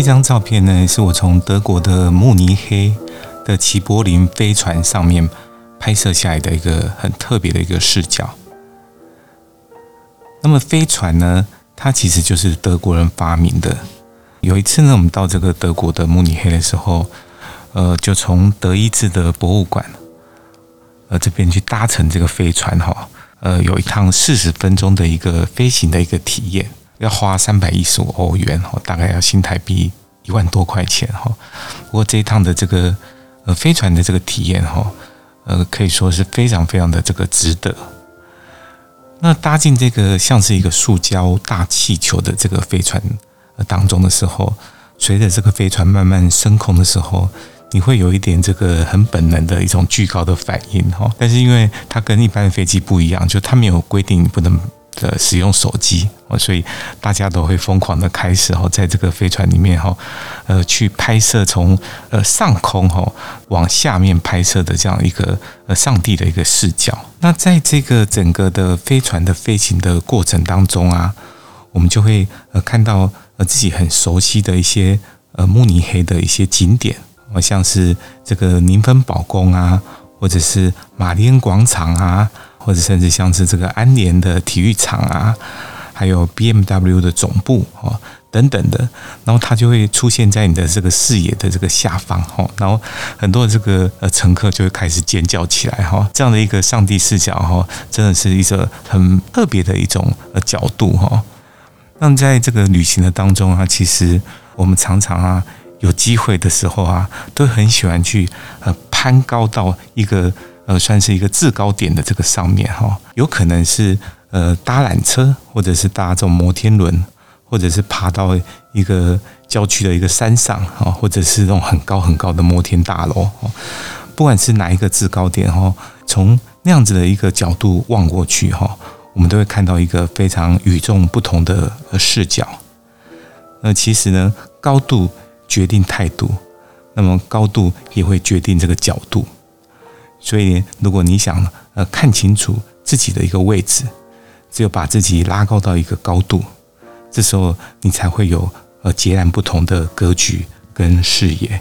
這張照片呢，是我從德國的慕尼黑的齊柏林飛船上面拍攝下來的一個很特別的一個視角。那麼飛船呢，它其實就是德國人發明的。有一次呢，我們到這個德國的慕尼黑的時候，呃，就從德意志的博物館，呃，這邊去搭乘這個飛船，哈，呃，有一趟四十分鐘的一個飛行的一個體驗。要花三百一十五歐元哈，大概要新台幣一萬多塊錢哈。不過這一趟的這個呃飛船的這個體驗哈，呃，可以說是非常非常的這個值得。那搭進這個像是一個塑膠大氣球的這個飛船當中的時候，隨着這個飛船慢慢升空的時候，你會有一點這個很本能的一種懼高的反應哈。但是因為它跟一般的飛機不一樣，就它沒有規定你不能。的使用手機，所以大家都會瘋狂的開始哈，在這個飛船裡面哈，呃，去拍攝從呃上空哈往下面拍攝的這樣一個呃上帝的一個視角。那在這個整個的飛船的飛行的過程當中啊，我們就會呃看到呃自己很熟悉的一些呃慕尼黑的一些景點，像是這個寧芬堡宮啊，或者是瑪麗恩廣場啊。或者甚至像是這個安聯的體育場啊，還有 BMW 的總部啊、哦、等等的，然後它就會出現在你的這個視野的這個下方哈、哦，然後很多的這個呃乘客就會開始尖叫起來哈、哦，這樣的一個上帝視角哈、哦，真的是一個很特別的一種呃角度哈、哦。那在這個旅行的當中啊，其實我們常常啊有機會的時候啊，都很喜歡去呃攀高到一個。呃，算是一個制高點的這個上面哈，有可能是呃搭纜車，或者是搭這種摩天輪，或者是爬到一個郊區的一個山上哈，或者是那種很高很高的摩天大樓哈。不管是哪一個制高點哈，從那樣子的一個角度望過去哈，我們都會看到一個非常與眾不同的視角。那其實呢，高度決定態度，那麼高度也會決定這個角度。所以，如果你想呃看清楚自己的一個位置，只有把自己拉高到一個高度，這時候你才會有呃截然不同的格局跟視野。